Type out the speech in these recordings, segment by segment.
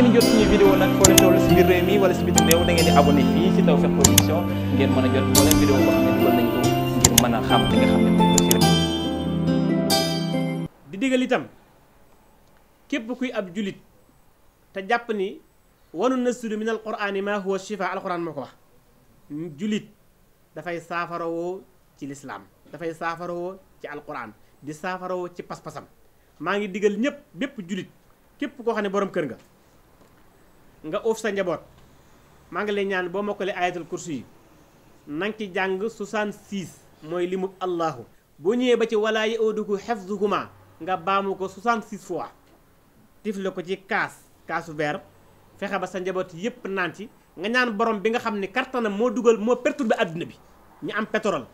ngeen jot suñu vidéo nag foo di abonné itam képp kuy ab julit te jàpp ni wanu nasiru min alqurani ma huwa shifa alquran moo ko wax julit dafay saafarawoo ci lislaam dafay saafara woo ci alquran di saafara woo ci pas-pasam maa ngi diggal ñëpp bépp julit képp koo xam ne boroom kër nga nga uuf sa njaboot maa ngi lay ñaan boo mokkalee ayatul kursi yi nanga ci jàng 66 mooy li limu allahu boo ñëwee ba ci wala yauduhu xifzuhuma nga baamu ko 66 fois tifle ko ci kaas kaasu verre fexe ba sa njaboot yépp naan ci nga ñaan borom bi nga xam ne kattanam moo dugal moo perturbé adduna bi ñu am pétrole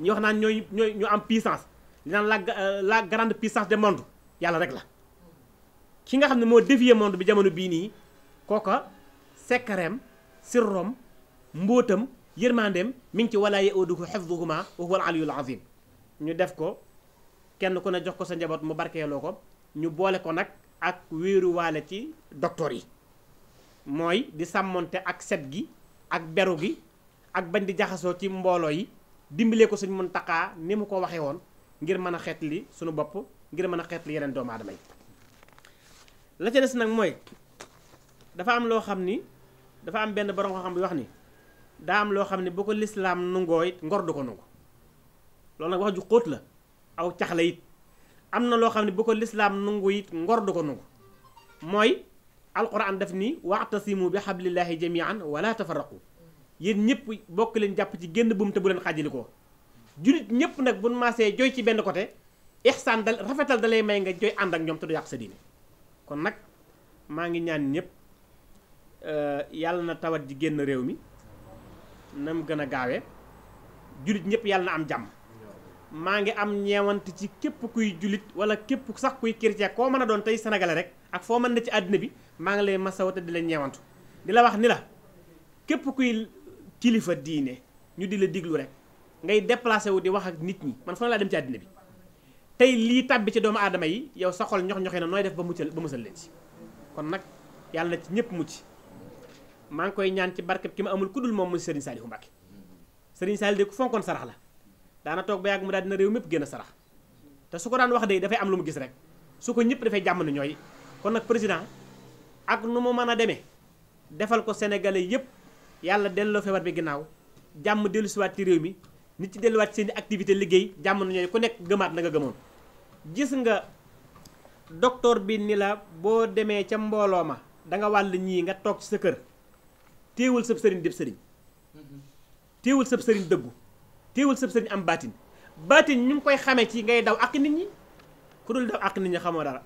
ñu wax naan ñooy ñooy ñu am puissance li naan la la grande puissance de monde yàlla rek la ki nga xam ne moo dévier monde bi jamono bii nii kooka sekkareem sirrom mbóotam yërmandeem mi ngi ci walaa yauduhu xifduhuma wa huwa al aliyul azim ñu def ko kenn ku ne jox ko sa njaboot mu barkeeloo ko ñu boole ko nag ak wéeruwaale ci docteur yi mooy di sàmmoonte ak set gi ak beru gi ak bañ di jaxasoo ci mbooloo yi dimbilee ko suñ mun taqaa ni mu ko waxee woon ngir mën a xeet li suñu bopp ngir mën a xeet li yeneen doomu yi la ca des nag mooy dafa am loo xam ni dafa am benn borom xam-xam wax ni daa am loo xam ni bu ko lislaam nungoo it ngor du ko nungu loolu nag wax ju xóot la aw cax la it am na loo xam ne bu ko lislaam nungu it ngor du ko nungu mooy alquran daf ni waxtasimu bi xablillahi jamian wala tafarraqu yéen ñëpp bokk leen jàpp ci génn buum te bu leen xaajali ko julit ñëpp nag buñ maasee joy ci benn côté ixsaan dal rafetal dalay may nga joy ànd ak ñoom te du yàq sa diine kon nag maa ngi ñaan ñëpp Euh, yàlla na tawat ji génn réew mi na gën a gaawee jullit ñëpp yàlla na am jàmm maa ngi am ñeewant ci képp kuy jullit wala képp sax kuy chrétien koo mën a doon tey sénégalais rek ak foo mën na ci àddina bi maa ngi leen masawu te di la ñeewantu di la wax ni la képp kuy kilifa diine ñu di la diglu rek ngay déplacé wu di wax ak nit ñi man fan laa dem ci àddina bi tey lii tàbbi ci doomu aadama yi yow sa xol ñox ñoxe na nooy def ba muccal ba musal leen kon nag yàlla ci ñëpp mucc maa ngi koy ñaan ci barkeb ki ma amul ku dul moom muy Serigne Saliou Mbacké Serigne Saliou de ku fonkoon sarax la daana toog ba yàgg mu daal dina réew mépp génn sarax te su ko daan wax de dafay am lu mu gis rek su ko ñëpp dafay jàmm na ñooy kon nag président ak nu mu mën a demee defal ko sénégalais yëpp yàlla delloo feebar bi ginnaaw jàmm dellusiwaat ci réew mi nit ci delluwaat seen i activité liggéey jàmm na ñooy ku nekk gëmaat na nga gëmoon gis nga docteur bi ni la boo demee ca mbooloo ma da nga wàll ñii nga toog ci sa kër téewal sab sëriñ def sëriñ mm-hmm. téewal sab sëriñ dëggu téewal sab sëriñ am baatin baatin ñu ngi koy xamee ci ngay daw ak nit ñi ku dul daw ak nit dara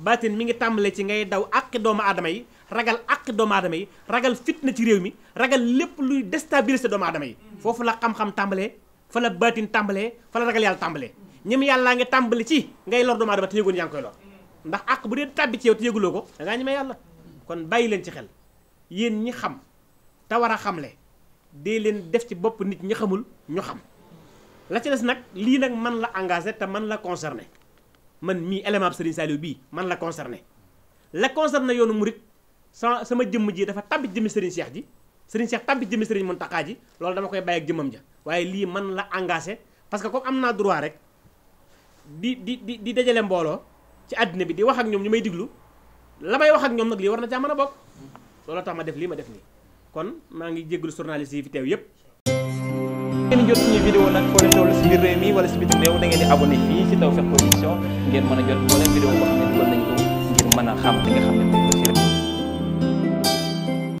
baatin mi ngi tàmbale ci ngay daw ak doomu aadama yi ragal ak doomu aadama yi ragal fitna ci réew mi ragal lépp luy déstabiliser doomu aadama yi mm-hmm. foofu la xam-xam tàmbalee fa la baatin tàmbalee fa la ragal yàlla tàmbalee ñim yàllaa ngi tàmbali ci ngay lor doomu aadama te yëgoon yaa ngi koy lor ndax ak bu dee tàbbi ci yow te yëguloo ko da ngaa ñemee yàlla kon bàyyi leen ci xel yéen ñi xam te war a xamle dee leen def ci bopp nit ñi xamul ñu xam la ci des nag lii nag man la engagé te man la concerné man mii élément bi Serigne bii man la concerné la concerné yoonu murit sa sama jëmm ji dafa tabbi jëmmi Serigne Cheikh ji Serigne Cheikh tabbi jëmmi Serigne Mountakha ji loolu dama koy bàyyi ak jëmmam ja waaye lii man la engagé parce que am naa droit rek di di di di dajale mbooloo ci àddina bi di wax ak ñoom ñu may diglu la may wax ak ñoom nag lii war na caa mën a bokk loolu tax ma def lii ma def nii kon maa ngi jégalu journaliste yi fi teew yëpp ngeen jot suñu vidéo nag foo leen toll si biir réew mi wala si biti réew da ngeen di abonné fii si Tawfekh Production ngeen mën a jot moo leen vidéo boo xam ne dugal ko ngir mën a xam li nga xam ne